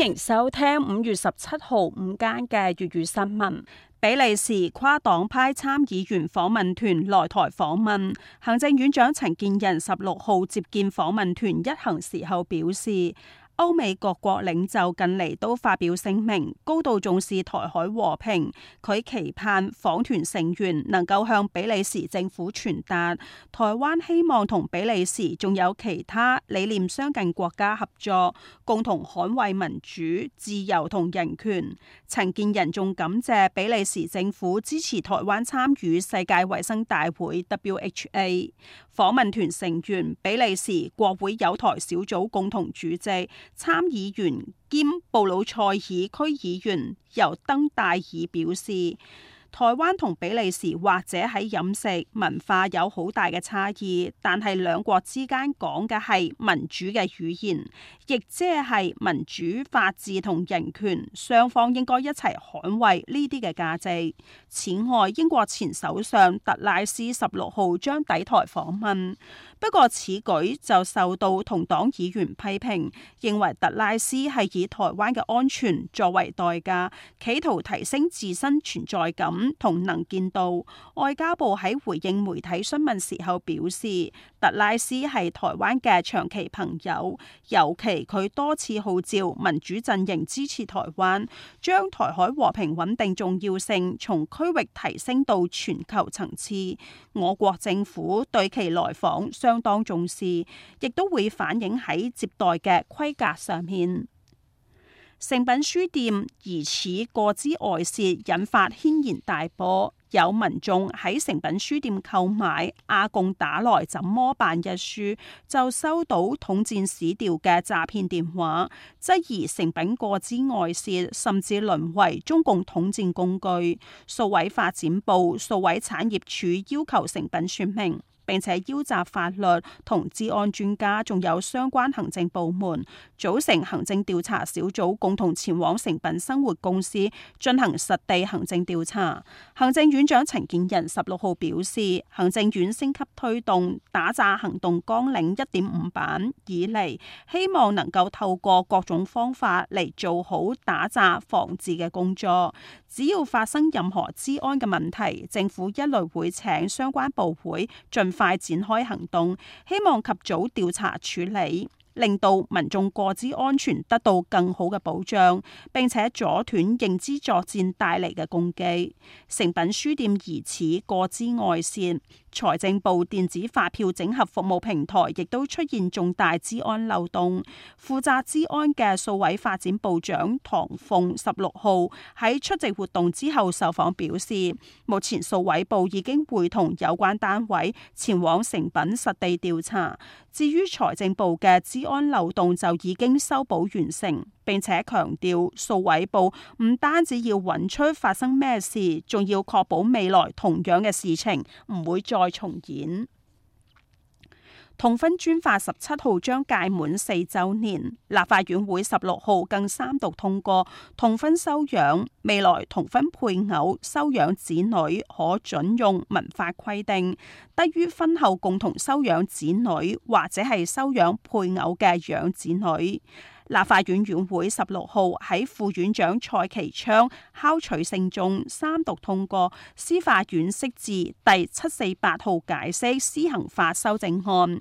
歡迎收聽五月十七號午間嘅粵語新聞。比利時跨黨派參議員訪問團來台訪問，行政院長陳建仁十六號接見訪問團一行時候表示：歐美各國領袖近嚟都發表聲明，高度重視台海和平。佢期盼訪團成員能夠向比利時政府傳達台灣希望同比利時仲有其他理念相近國家合作，共同捍衛民主、自由同人權。陳建仁仲感謝比利時政府支持台灣參與世界衛生大會 （WHA）。訪問團成員比利時國會友台小組共同主席參議員兼布魯塞爾區議員尤登戴爾表示。台灣同比利時或者喺飲食文化有好大嘅差異，但係兩國之間講嘅係民主嘅語言，亦即係民主、法治同人權，雙方應該一齊捍衛呢啲嘅價值。此外，英國前首相特拉斯十六號將抵台訪問，不過此舉就受到同黨議員批評，認為特拉斯係以台灣嘅安全作為代價，企圖提升自身存在感。同能見到外交部喺回應媒體詢問時候表示，特拉斯係台灣嘅長期朋友，尤其佢多次號召民主陣營支持台灣，將台海和平穩定重要性從區域提升到全球層次。我國政府對其來訪相當重視，亦都會反映喺接待嘅規格上面。誠品書店疑似個資外洩，引發軒然大波。有民眾喺誠品書店購買《阿共打來怎麼辦》一書，就收到統戰史調嘅詐騙電話，質疑誠品個資外洩，甚至淪為中共統戰工具。數位發展部、數位產業署要求誠品説明。並且邀集法律同治安專家，仲有相關行政部門組成行政調查小組，共同前往誠品生活公司進行實地行政調查。行政院長陳建仁十六號表示，行政院升級推動打詐行動綱領一點五版以嚟，希望能夠透過各種方法嚟做好打詐防治嘅工作。只要發生任何治安嘅問題，政府一律會請相關部會盡快展開行動，希望及早調查處理，令到民眾個資安全得到更好嘅保障，並且阻斷認知作戰帶嚟嘅攻擊。誠品書店疑似個資外洩。財政部電子發票整合服務平台亦都出現重大資安漏洞，負責資安嘅數位發展部長唐鳳十六號喺出席活動之後，受訪表示，目前數位部已經會同有關單位前往誠品實地調查。至於財政部嘅資安漏洞，就已經修補完成。並且強調，數位部唔單止要揾出發生咩事，仲要確保未來同樣嘅事情唔會再重演。同婚專法十七號將屆滿四周年，立法院會十六號更三讀通過同婚收養，未來同婚配偶收養子女可准用民法規定，低於婚後共同收養子女或者係收養配偶嘅養子女。立法院院會十六號喺副院長蔡其昌敲槌聲中三讀通過《司法院釋字第七四八號解釋施行法修正案》。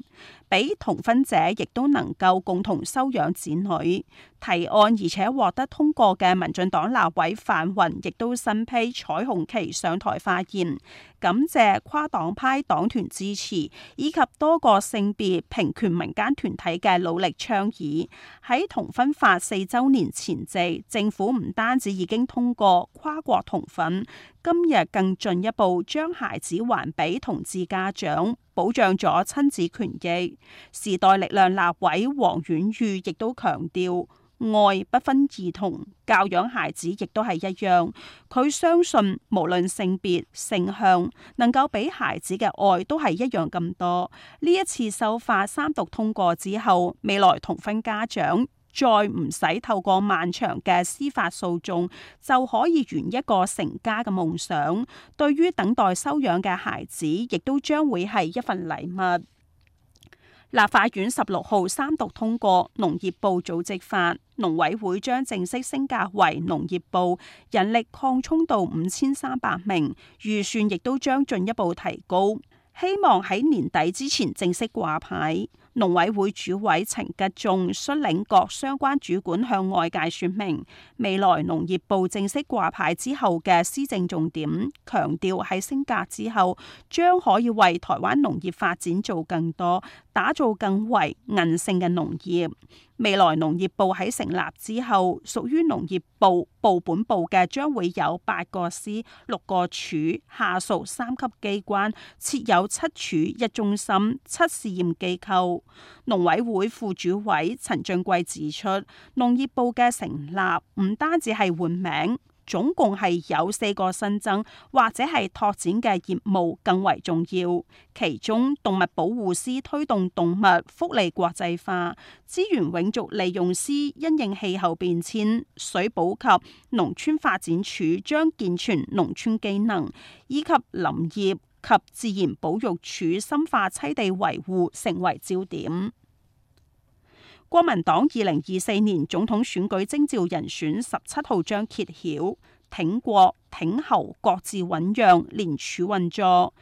俾同婚者亦都能夠共同收養子女，提案而且獲得通過嘅民進黨立委范雲亦都身披彩虹旗上台發言，感謝跨黨派黨團支持以及多個性別平權民間團體嘅努力倡議。喺同婚法四周年前夕，政府唔單止已經通過跨國同婚，今日更進一步將孩子還俾同志家長。保障咗親子權益。時代力量立委王婉諭亦都強調，愛不分兒童教養孩子亦都係一樣。佢相信無論性別性向，能夠俾孩子嘅愛都係一樣咁多。呢一次修法三讀通過之後，未來同婚家長。再唔使透過漫長嘅司法訴訟，就可以圓一個成家嘅夢想。對於等待收養嘅孩子，亦都將會係一份禮物。立法院十六號三讀通過農業部組織法，農委會將正式升格為農業部，人力擴充到五千三百名，預算亦都將進一步提高。希望喺年底之前正式掛牌。農委會主委陳吉仲率領各相關主管向外界說明，未來農業部正式掛牌之後嘅施政重點，強調喺升格之後，將可以為台灣農業發展做更多，打造更為韌性嘅農業。未來農業部喺成立之後，屬於農業部部本部嘅將會有八個司、六個處、下屬三級機關，設有七處一中心、七試驗機構。農委會副主委陳俊貴指出，農業部嘅成立唔單止係換名。總共係有四個新增或者係拓展嘅業務更為重要，其中動物保護司推動動物福利國際化，資源永續利用司因應氣候變遷，水保及農村發展署將健全農村技能，以及林業及自然保育署深化棲地維護成為焦點。國民黨二零二四年總統選舉徵召人選十七號將揭曉，挺郭挺侯各自醞釀，聯署運作。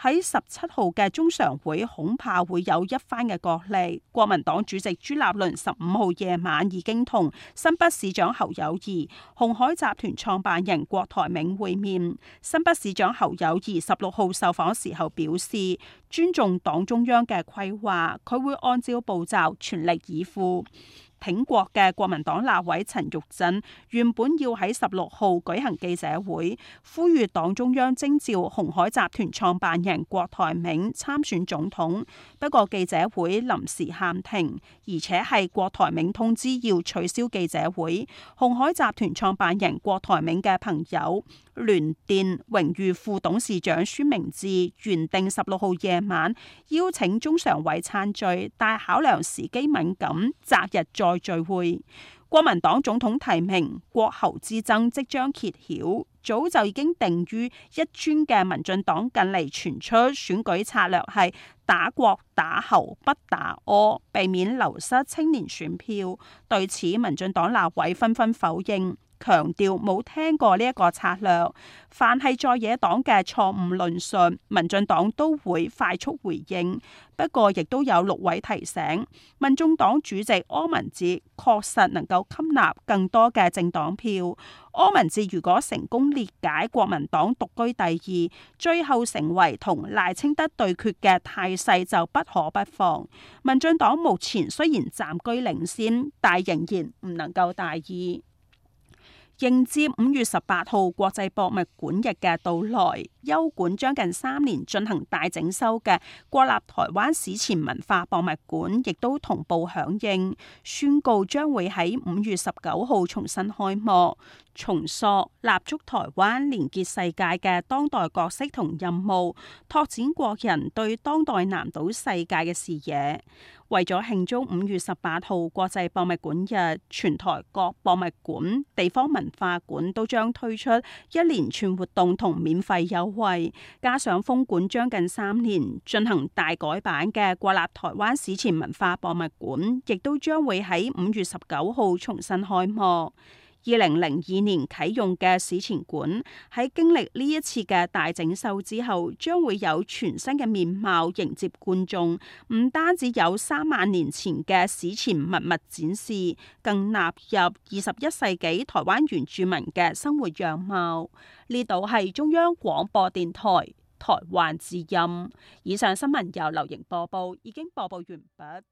喺十七號嘅中常會，恐怕會有一番嘅角力。國民黨主席朱立倫十五號夜晚已經同新北市長侯友宜、鴻海集團創辦人郭台銘會面。新北市長侯友宜十六號受訪時候表示，尊重黨中央嘅規劃，佢會按照步驟全力以赴。挺郭嘅國民黨立委陳玉珍原本要喺十六號舉行記者會，呼籲黨中央徵召鴻海集團創辦人郭台銘參選總統。不過記者會臨時喊停，而且係郭台銘通知要取消記者會。鴻海集團創辦人郭台銘嘅朋友聯電榮譽副董事長宣明智原定十六號夜晚邀請中常委餐聚，但考量時機敏感，擇日再。再聚會，國民黨總統提名郭侯之爭即將揭曉，早就已經定於一尊嘅民進黨近嚟傳出選舉策略係打郭打侯不打柯，避免流失青年選票。對此，民進黨立委紛紛否認。強調冇聽過呢一個策略。凡係在野黨嘅錯誤論述，民進黨都會快速回應。不過，亦都有綠委提醒，民眾黨主席柯文哲確實能夠吸納更多嘅政黨票。柯文哲如果成功裂解國民黨獨居第二，最後成為同賴清德對決嘅態勢，就不可不防。民進黨目前雖然暫居領先，但仍然唔能夠大意。迎接五月十八號國際博物館日嘅到來。休館將近三年進行大整修嘅國立台灣史前文化博物館，亦都同步響應，宣告將會喺五月十九號重新開幕，重塑立足台灣、連結世界嘅當代角色同任務，拓展國人對當代南島世界嘅視野。為咗慶祝五月十八號國際博物館日，全台各博物館、地方文化館都將推出一連串活動同免費優惠。加上封館將近三年，進行大改版嘅國立台灣史前文化博物館，亦都將會喺五月十九號重新開幕。二零零二年啟用嘅史前館喺經歷呢一次嘅大整修之後，將會有全新嘅面貌迎接觀眾，唔單止有三萬年前嘅史前文物展示，更納入二十一世紀台灣原住民嘅生活樣貌。呢度係中央廣播電台台灣之音。以上新聞由劉瑩播報，已經播報完畢。